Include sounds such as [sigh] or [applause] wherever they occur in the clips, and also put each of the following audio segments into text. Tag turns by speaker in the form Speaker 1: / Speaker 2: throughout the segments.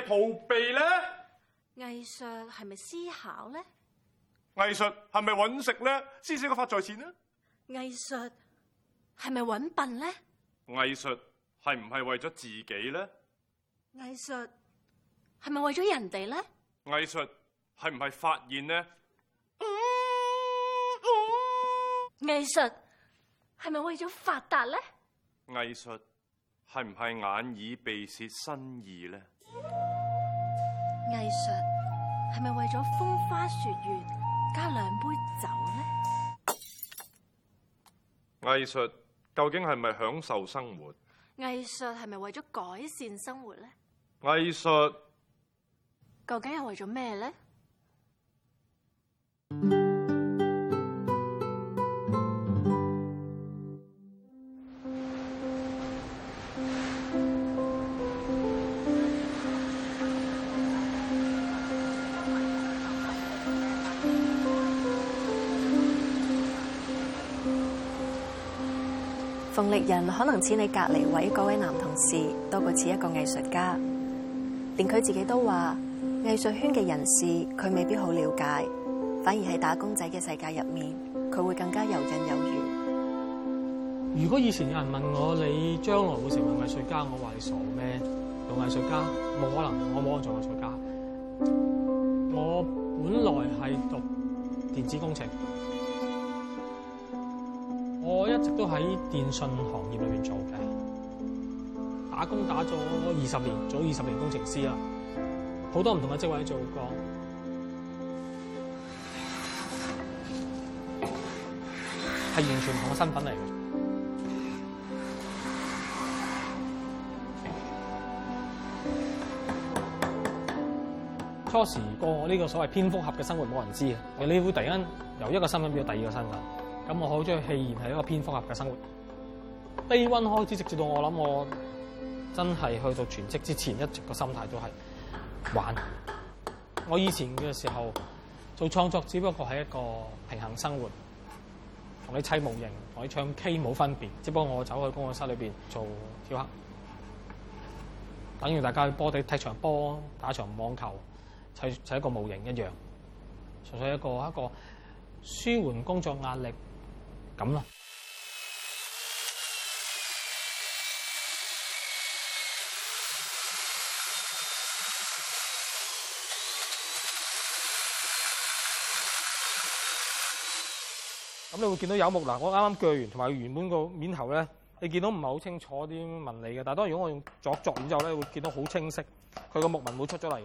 Speaker 1: 逃避咧？
Speaker 2: 藝術係咪思考咧？
Speaker 1: 藝術係咪揾食咧？試試個發財錢咧？
Speaker 2: 藝術係咪揾笨咧？
Speaker 1: 藝術係唔係為咗自己咧？
Speaker 2: 藝術係咪為咗人哋咧？
Speaker 1: 藝術係唔係發現咧？
Speaker 2: 嗯嗯，藝術係咪為咗發達咧？
Speaker 1: 藝術係唔係眼耳鼻舌身意咧？
Speaker 2: 藝術係咪為咗風花雪月加兩杯酒呢？
Speaker 1: 藝術究竟係咪享受生活？
Speaker 2: 藝術係咪為咗改善生活呢？藝
Speaker 1: 術藝術
Speaker 2: 究竟係為咗咩呢？嗯力仁可能似你隔籬位嗰位男同事多過似一個藝術家，連佢自己都話，藝術圈嘅人士佢未必好了解，反而喺打工仔嘅世界入面，佢會更加游刃有餘。
Speaker 3: 如果以前有人問我你將來會成為藝術家，我話你傻咩？做藝術家冇可能，我冇可能做藝術家，我本來係讀電子工程。我一直都喺電信行業裏面做嘅，打工打咗二十年，做咗二十年工程師啦，好多唔同嘅職位做過，係完全唔同嘅身份嚟嘅。初時過我呢個所謂蝙蝠俠嘅生活，冇人知。你會突然間由一個身份變到第二個身份。咁我好中意，戲言係一個蝙蝠俠嘅生活。低溫開始，直至到我諗我真係去到全職之前，一直個心態都係玩。我以前嘅時候做創作，只不過係一個平衡生活，同你砌模型、同你唱 K 冇分別。只不過我走去工作室裏面做雕刻。等於大家去波地踢場波、打場網球、砌砌一個模型一樣，純粹一個一個舒緩工作壓力。咁你會見到有木嗱，我啱啱鋸完同埋原本個面頭你見到唔係好清楚啲紋理嘅。但當然，如果我用鑿鑿完之後咧，你會見到好清晰，佢個木紋會出咗嚟嘅。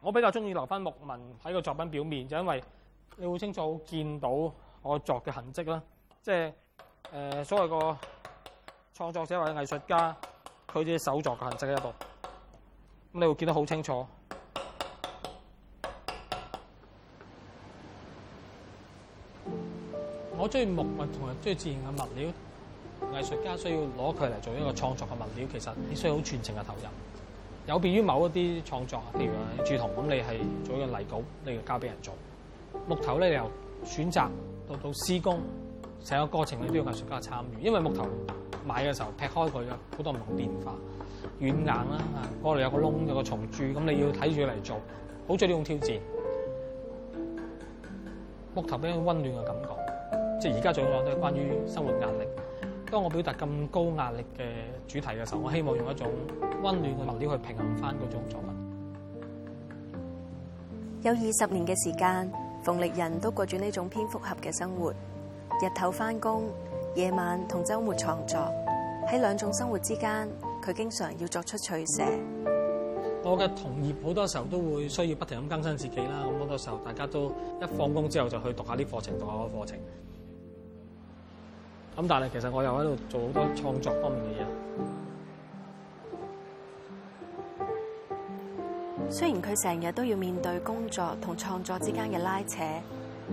Speaker 3: 我比較鍾意留翻木紋喺個作品表面，就因為你會清楚見到我鑿嘅痕跡啦。即係誒、呃、所謂個創作者或者藝術家，佢哋手作嘅痕跡喺度，咁你會見得好清楚。我中意木物，同埋中意自然嘅物料。藝術家需要攞佢嚟做一個創作嘅物料，嗯、其實需要好全程嘅投入。有別於某一啲創作，譬如話柱同鑄銅咁，你係做一個泥稿，你要交俾人做木頭咧。你由選擇到到施工。成個過程你都要藝術家參與，因為木頭買嘅時候劈開佢，好多唔同變化，軟硬啦，嗰度有個窿，有個蟲蛀，咁你要睇住嚟做，好中意呢種挑戰。木頭俾一種溫暖嘅感覺，即係而家創作都係關於生活壓力。當我表達咁高壓力嘅主題嘅時候，我希望用一種溫暖嘅物料去平衡翻嗰種作品。
Speaker 2: 有二十年嘅時間，馮力仁都過住呢種蝙蝠俠嘅生活。日頭翻工，夜晚同周末創作，喺兩種生活之間，佢經常要作出取捨。
Speaker 3: 我嘅同業好多時候都會需要不停咁更新自己啦，咁好多時候大家都一放工之後就去讀下啲課程，讀下個課程。咁但係其實我又喺度做好多創作方面嘅嘢。雖然佢
Speaker 2: 成日都要面對工作同創作之間嘅拉扯。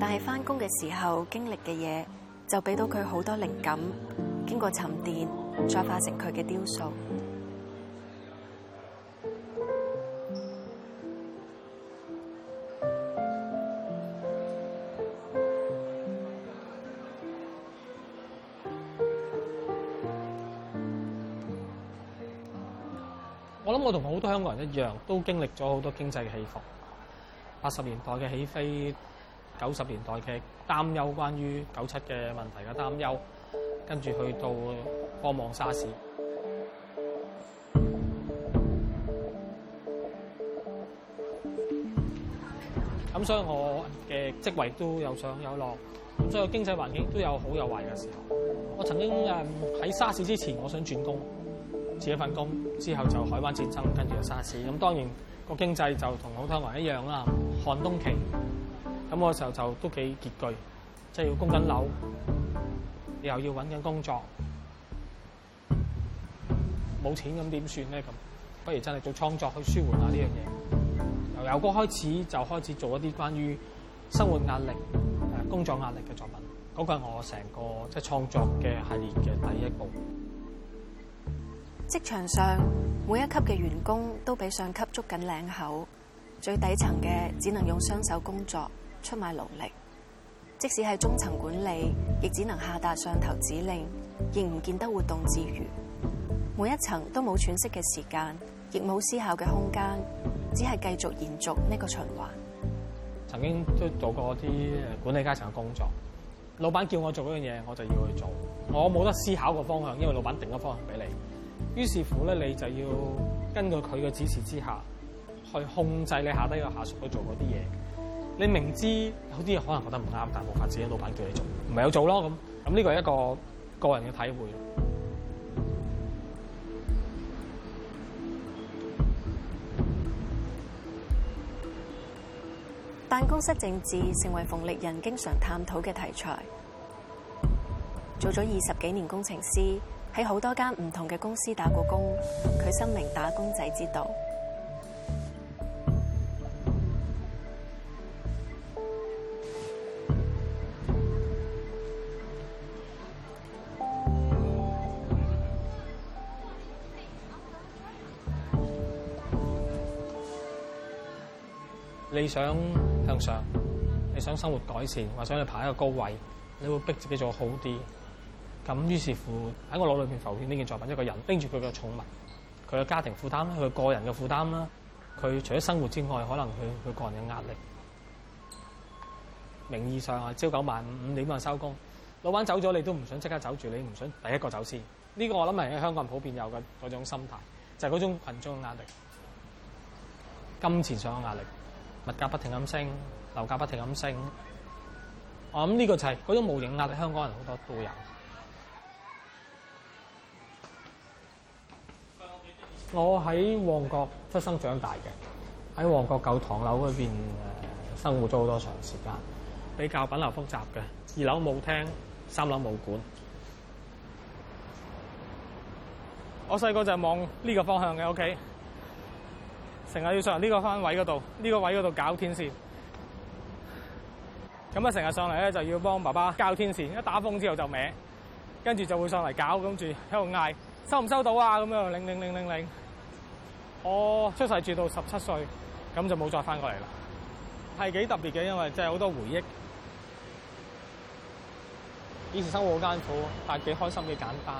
Speaker 2: 但係返工嘅時候，經歷嘅嘢，就俾到佢好多靈感。經過沉澱，再化成佢嘅雕塑。
Speaker 3: 我諗我同好多香港人一樣，都經歷咗好多經濟嘅起伏。八十年代嘅起飛。九十年代嘅擔，擔憂，關於九七嘅問題嘅擔憂，跟住去到幫忙沙士。咁所以我嘅職位都有上有落，咁所以經濟環境都有好有壞嘅時候。我曾經誒喺沙士之前，我想轉工，做一份工之後就海灣戰爭，跟住就沙士。咁當然個經濟就同好多人一樣啦，寒冬期。咁我嘅時候就都幾拮據，即係要供緊樓，又要揾緊工作，冇錢咁點算咧？咁不如真係做創作去舒緩下呢樣嘢。由哥開始就開始做一啲關於生活壓力、誒工作壓力嘅作品，嗰個係我成個即係創作嘅系列嘅第一步。
Speaker 2: 職場上每一級嘅員工都畀上級捉緊領口，最底層嘅只能用雙手工作。出賣勞力，即使係中層管理，亦只能下達上頭指令，亦唔見得活動自如。每一層都冇喘息嘅時間，亦冇思考嘅空間，只係繼續延
Speaker 3: 續呢個循環。曾經都做過啲管理階層嘅工作，老闆叫我做嗰樣嘢，我就要去做。我冇得思考個方向，因為老闆定個方向俾你。於是乎咧，你就要根據佢嘅指示之下，去控制你下低個下屬去做嗰啲嘢。你明知有啲嘢可能覺得唔啱，但冇法子，啲老闆叫你做，唔係有做咯咁。咁呢個係一個個人嘅體會。
Speaker 2: 辦公室政治成為馮力仁經常探討嘅題材。做咗二十幾年工程師，喺好多間唔同嘅公司打過工，佢深明打工仔之道。
Speaker 3: 你想向上，你想生活改善，或者你想去爬一個高位，你會逼自己做好啲。咁於是乎喺我腦裏邊浮現呢件作品，一個人拎住佢嘅寵物，佢嘅家庭負擔啦，佢個人嘅負擔啦，佢除咗生活之外，可能佢佢個人嘅壓力。名義上係朝九晚五，五點啊收工，老闆走咗，你都唔想即刻走住，你唔想第一個先走先。呢、這個我諗係喺香港人普遍有嘅嗰種心態，就係、是、嗰種群眾嘅壓力，金錢上嘅壓力。物價不停咁升，樓價不停咁升，我諗呢個就係嗰種無形壓力，香港人好多都有。我喺旺角出生長大嘅，喺旺角舊唐樓嗰邊、呃、生活咗好多長時間，比較品流複雜嘅，二樓舞廳，三樓舞館。我細個就望呢個方向嘅屋企。OK? 成日要上嚟呢個番位嗰度，呢個位嗰度搞天線。咁啊，成日上嚟咧就要幫爸爸搞天線。一打風之後就歪，跟住就會上嚟搞，跟住喺度嗌：收唔收到啊？咁樣擰擰擰擰擰。我出世住到十七歲，咁就冇再翻過嚟啦。係幾特別嘅，因為真係好多回憶。以前生活好艱苦，但係幾開心，幾簡單。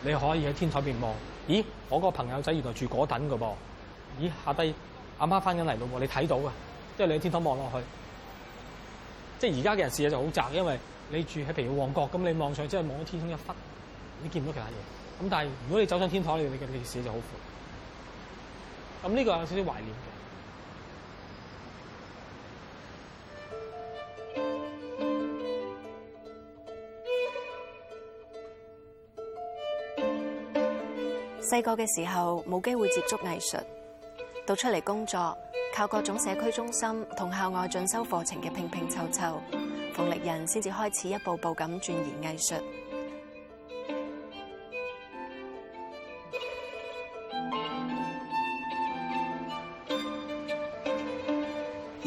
Speaker 3: 你可以喺天台邊望。咦，我個朋友仔原來住嗰等㗎噃，咦下低阿媽翻緊嚟到喎，你睇到㗎，即係你喺天台望落去，即係而家嘅人視野就好窄，因為你住喺譬如旺角咁，你望上之後望到天空一忽，你見唔到其他嘢。咁但係如果你走上天台，你你嘅視野就好闊。咁呢個有少少懷念嘅。
Speaker 2: 細個嘅時候冇機會接觸藝術，到出嚟工作，靠各種社區中心同校外進修課程嘅拼拼湊湊，馮力仁先至開始一步步咁鑽研藝術。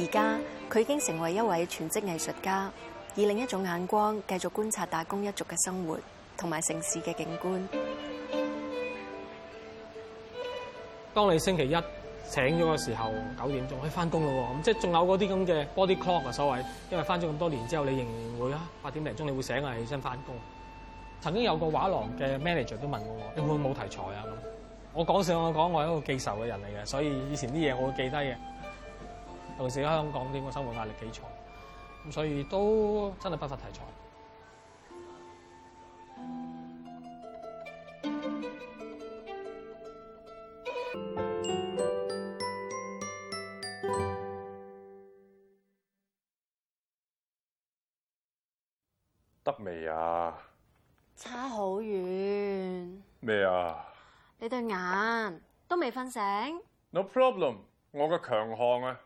Speaker 2: 而家佢已經成為一位全職藝術家，以另一種眼光繼續觀察打工一族嘅生活同埋城市嘅景觀。
Speaker 3: 當你星期一醒咗嘅時候九點鐘，可以翻工咯喎，咁即係仲有嗰啲咁嘅 body clock 啊所謂，因為翻咗咁多年之後，你仍然會啊，八點零鐘你會醒啊，起身翻工。曾經有個畫廊嘅 manager 都問過我，你會唔會冇題材啊咁？我講笑我講，我係一個記仇嘅人嚟嘅，所以以前啲嘢我會記低嘅。尤其係香港呢個生活壓力幾重，咁所以都真係不乏題材。
Speaker 1: 得未啊？
Speaker 4: 差好
Speaker 2: 遠。咩啊？你對眼都未瞓醒。
Speaker 1: No problem，我個強項啊。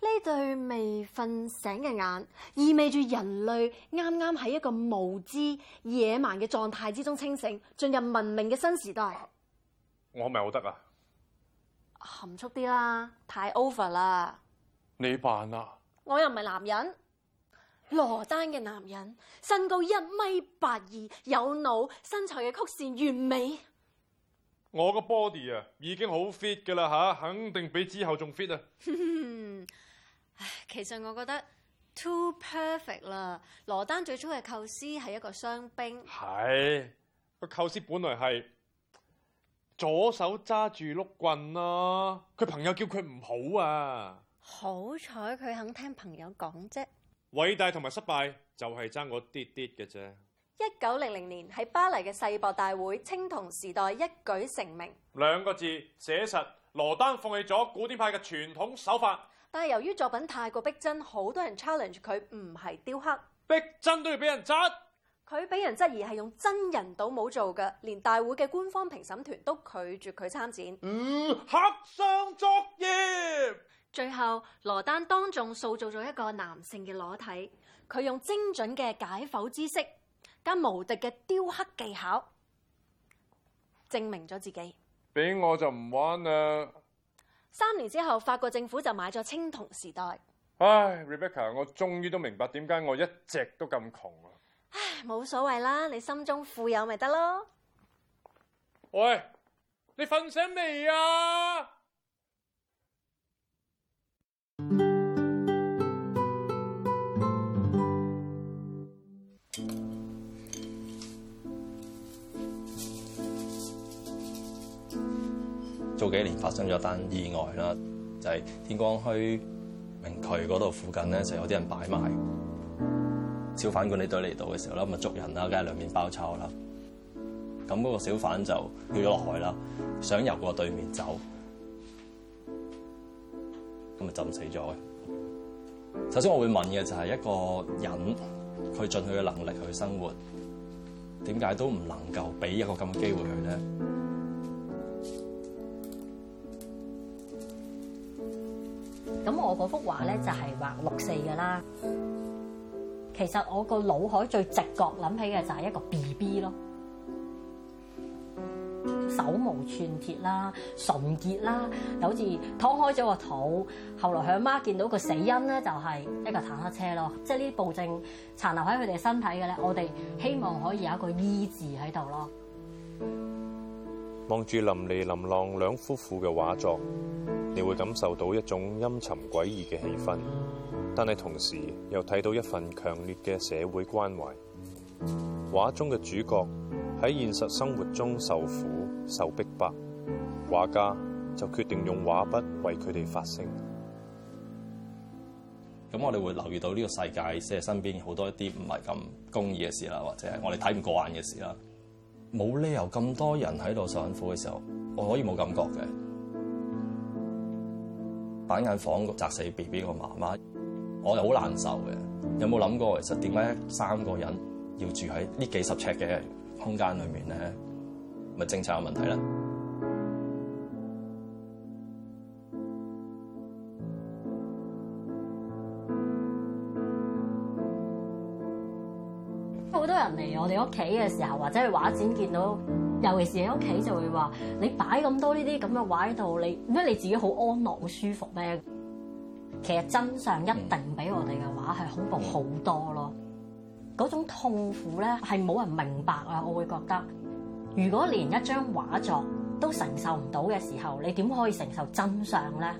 Speaker 2: 呢對未瞓醒嘅眼，意味住人類啱啱喺一個無知野蠻嘅狀態之中清醒，進入文明嘅新時代。
Speaker 1: 我係咪好得啊？
Speaker 2: 含蓄啲啦，太 over 啦。
Speaker 1: 你扮啊？
Speaker 2: 我又唔係男人。羅丹嘅男人，身高一米八二，有腦，身材嘅曲線完美。
Speaker 1: 我個 body 啊，已經好 fit 噶啦吓，肯定比之後仲 fit 啊
Speaker 2: [laughs] 唉，其實我覺得 too perfect 啦。羅丹最初嘅構思係一個傷兵，
Speaker 1: 係個構思本來係左手揸住碌棍啊。佢朋友叫佢唔好啊，
Speaker 2: 好彩佢肯聽朋友講啫。
Speaker 1: 偉大同埋失敗，就係爭個啲啲嘅啫。一九零
Speaker 2: 零年喺巴黎嘅世博大會，青銅時代一舉成名。
Speaker 1: 兩個字寫實，羅丹放棄咗古典派嘅傳統手法。
Speaker 2: 但係由於作品太過逼真，好多人 challenge 佢唔係雕刻。
Speaker 1: 逼真都要俾人質？
Speaker 2: 佢俾人質疑係用真人倒模做嘅，連大會嘅官方評審團都拒絕佢參展。嗯，黑箱作業。最後，羅丹當眾塑造咗一個男性嘅裸體，佢用精準嘅解剖知識，加無敵嘅雕刻技巧，證明咗自己。
Speaker 1: 俾我就唔玩啦。
Speaker 2: 三年之後，法國政府就買咗青銅時代。
Speaker 1: 唉，Rebecca，我終於都明白點解我一直都咁窮啦。
Speaker 2: 唉，冇所謂啦，你心中富有咪得咯。
Speaker 1: 喂，你瞓醒未啊？
Speaker 5: 早幾年發生咗一單意外啦，就係天光墟明渠嗰度附近咧，就有啲人擺賣，小販管理隊嚟到嘅時候啦，咁咪捉人啦，梗係兩面包抄啦。咁嗰個小販就跳咗落海啦，想游過對面走，咁咪浸死咗。首先我會問嘅就係一個人，佢盡佢嘅能力去生活，點解都唔能夠俾一個咁嘅機會佢咧？
Speaker 4: 咁我嗰幅畫咧就係、是、畫六四嘅啦，其實我個腦海最直覺諗起嘅就係一個 B B 咯，手無寸鐵啦，純潔啦，就好似攤開咗個肚。後來佢阿媽見到個死因咧就係、是、一個坦克車咯，即係呢啲暴政殘留喺佢哋身體嘅咧，我哋希望可以有一個醫治喺度咯。
Speaker 1: 望住淋漓、淋浪兩夫婦嘅畫作。你會感受到一種陰沉詭異嘅氣氛，但係同時又睇到一份強烈嘅社會關懷。畫中嘅主角喺現實生活中受苦受逼迫，畫家就決定用畫筆為佢哋發聲。咁我哋會
Speaker 5: 留意到呢個世界即係身邊好多一啲唔係咁公義嘅事啦，或者係我哋睇唔過眼嘅事啦，冇理由咁多人喺度受緊苦嘅時候，我可以冇感覺嘅。擺間房砸死 B B 個媽媽，我又好難受嘅。有冇諗過其實點解三個人要住喺呢幾十尺嘅空間裏面咧？咪政策有問題啦。
Speaker 4: 好多人嚟我哋屋企嘅時候，或者去畫展見到。尤其是喺屋企就會話，你擺咁多呢啲咁嘅畫喺度，你唔覺得你自己好安樂好舒服咩？其實真相一定比我哋嘅畫係恐怖好多咯。嗰種痛苦咧係冇人明白啊！我會覺得，如果連一張畫作都承受唔到嘅時候，你點可以承受真相咧？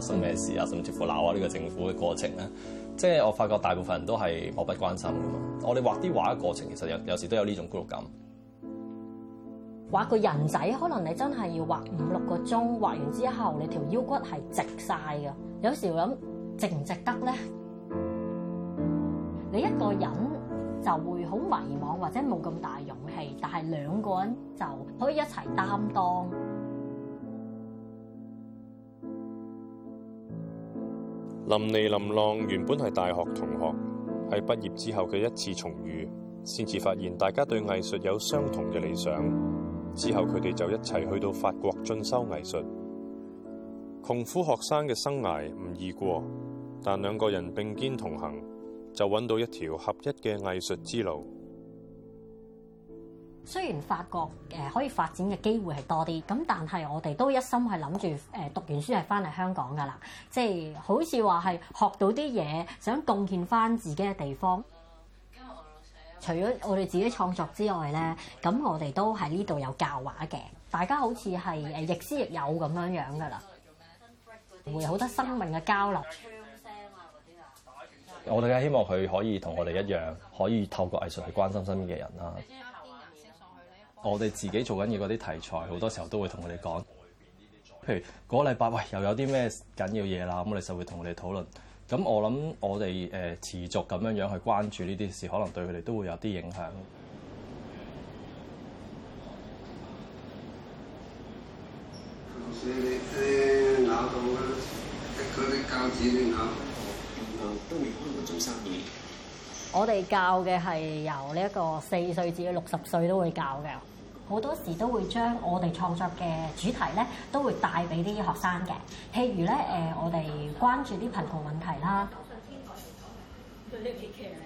Speaker 5: 生咩事啊？甚至乎鬧啊！呢個政府嘅過程咧，即係我發覺大部分人都係漠不關心噶嘛。我哋畫啲畫嘅過程，其實有有時都有呢種孤獨感。
Speaker 4: 畫個人仔，可能你真係要畫五六個鐘，畫完之後你條腰骨係直晒嘅。有時諗，值唔值得咧？你一個人就會好迷茫，或者冇咁大勇氣，但係兩個人就可以一齊擔當。
Speaker 1: 淋漓淋浪原本係大學同學，喺畢業之後嘅一次重遇，先至發現大家對藝術有相同嘅理想。之後佢哋就一齊去到法國進修藝術。窮苦學生嘅生涯唔易過，但兩個人並肩同行，就揾到一條合一嘅藝術之路。
Speaker 4: 雖然法國誒可以發展嘅機會係多啲，咁但係我哋都一心係諗住誒讀完書係翻嚟香港㗎啦。即係好似話係學到啲嘢，想貢獻翻自己嘅地方。除咗我哋自己的創作之外咧，咁我哋都喺呢度有教畫嘅。大家好似係誒亦師亦友咁樣樣㗎啦，會有好多生命嘅交流。
Speaker 5: 我哋希望佢可以同我哋一樣，可以透過藝術去關心身邊嘅人啦。我哋自己做緊嘢嗰啲題材，好多時候都會同佢哋講，譬如嗰個禮拜，喂，又有啲咩緊要嘢啦，咁我哋就會同佢哋討論。咁我諗我哋誒持續咁樣樣去關注呢啲事，可能對佢哋都會有啲影響。
Speaker 4: 我哋教嘅係由呢一個四歲至到六十歲都會教嘅。好多時都會將我哋創作嘅主題咧，都會帶俾啲學生嘅。譬如咧，誒、呃，我哋關注啲貧窮問題啦，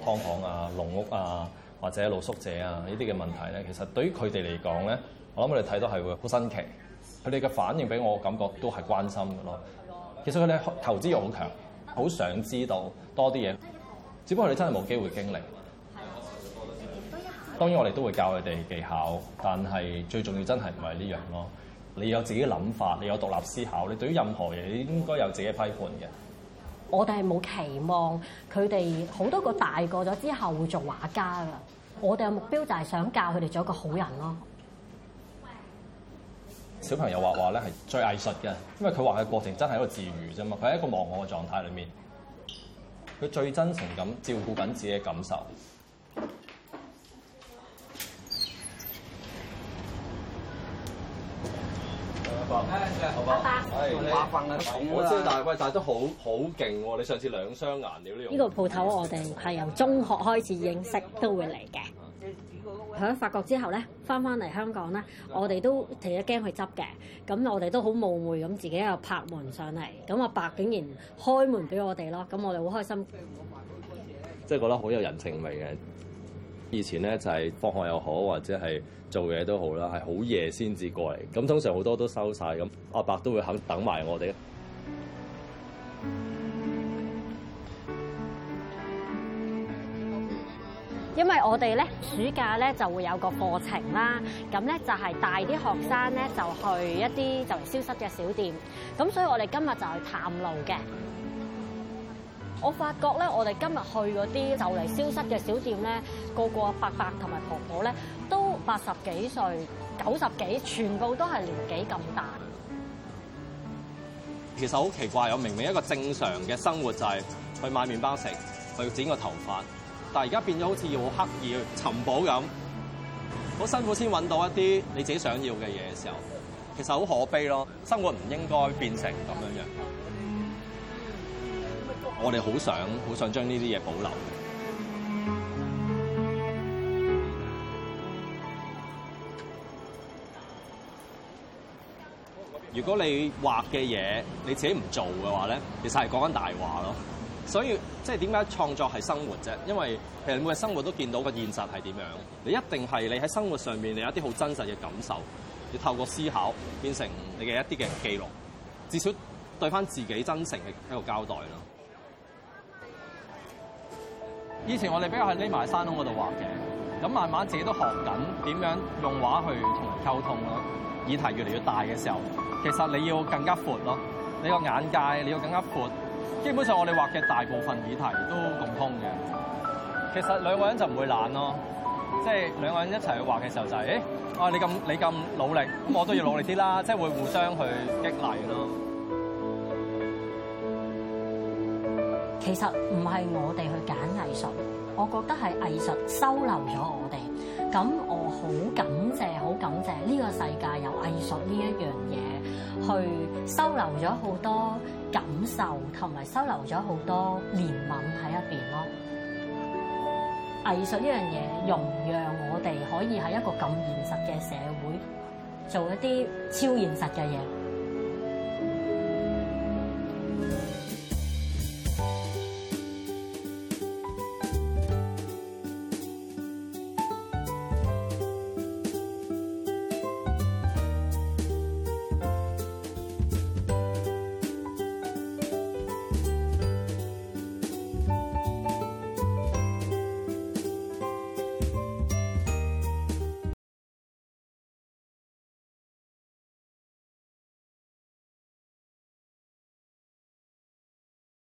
Speaker 5: 㓥房啊、農屋啊，或者露宿者啊呢啲嘅問題咧，其實對於佢哋嚟講咧，我諗佢哋睇到係會好新奇。佢哋嘅反應俾我感覺都係關心嘅咯。其實佢哋投資又好強，好想知道多啲嘢，只不過你真係冇機會經歷。當然我哋都會教佢哋技巧，但係最重要真係唔係呢樣咯。你有自己諗法，你有獨立思考，你對於任何嘢應該有自己嘅批判嘅。
Speaker 4: 我哋係冇期望佢哋好多個大個咗之後會做畫家㗎。我哋嘅目標就係想教佢哋做一個好人咯。
Speaker 5: 小朋友畫畫咧係最藝術嘅，因為佢畫嘅過程真係一個自愈啫嘛。佢喺一個忘我嘅狀態裡面，佢最真誠咁照顧緊自己嘅感受。
Speaker 4: 好好啊，好哎、好，我知，我知。但係
Speaker 5: 喂，但係都好好勁喎！你上次兩箱顏料呢，呢個鋪頭我
Speaker 4: 哋係由中學開始認識，都會嚟嘅。喺、啊、法國之後咧，翻翻嚟香港咧，啊、我哋都成日驚去執嘅，咁我哋都好冒昧咁自己又拍門上嚟，咁阿伯竟然開門俾我哋咯，咁我哋好開心。
Speaker 5: 即係覺得好有人情味嘅。以前咧就係放學又好，或者係做嘢都好啦，係好夜先至過嚟。咁通常好多都收晒，咁阿伯都會肯等埋我哋。
Speaker 4: 因為我哋咧暑假咧就會有個課程啦，咁咧就係帶啲學生咧就去一啲就消失嘅小店。咁所以我哋今日就去探路嘅。我發覺咧，我哋今日去嗰啲就嚟消失嘅小店咧，個個伯伯同埋婆婆咧都八十幾歲、九十幾，全部都係年紀咁大。
Speaker 5: 其實好奇怪，我明明一個正常嘅生活就係去買麵包食，去剪個頭髮，但而家變咗好似要刻意去尋寶咁，好辛苦先揾到一啲你自己想要嘅嘢嘅時候，其實好可悲咯。生活唔應該變成咁樣樣。我哋好想好想將呢啲嘢保留。如果你畫嘅嘢你自己唔做嘅話，咧，其實係講緊大話咯。所以即係點解創作係生活啫？因為其實每日生活都見到個現實係點樣，你一定係你喺生活上面你有一啲好真實嘅感受，要透過思考變成你嘅一啲嘅記錄，至少對翻自己真誠嘅一個交代咯。以前我哋比較係匿埋山窿嗰度畫嘅，咁慢慢自己都學緊點樣用畫去同人溝通咯。議題越嚟越大嘅時候，其實你要更加闊咯，你個眼界你要更加闊。基本上我哋畫嘅大部分議題都共通嘅。其實兩個人就唔會懶咯，即係兩個人一齊去畫嘅時候就係，誒，啊你咁你咁努力，咁我都要努力啲啦，即係 [laughs] 會互相去激勵咯。
Speaker 4: 其實唔係我哋去揀藝術，我覺得係藝術收留咗我哋。咁我好感謝，好感謝呢個世界有藝術呢一樣嘢，去收留咗好多感受，同埋收留咗好多憐憫喺一邊咯。藝術呢樣嘢，容讓我哋可以喺一個咁現實嘅社會，做一啲超現實嘅嘢。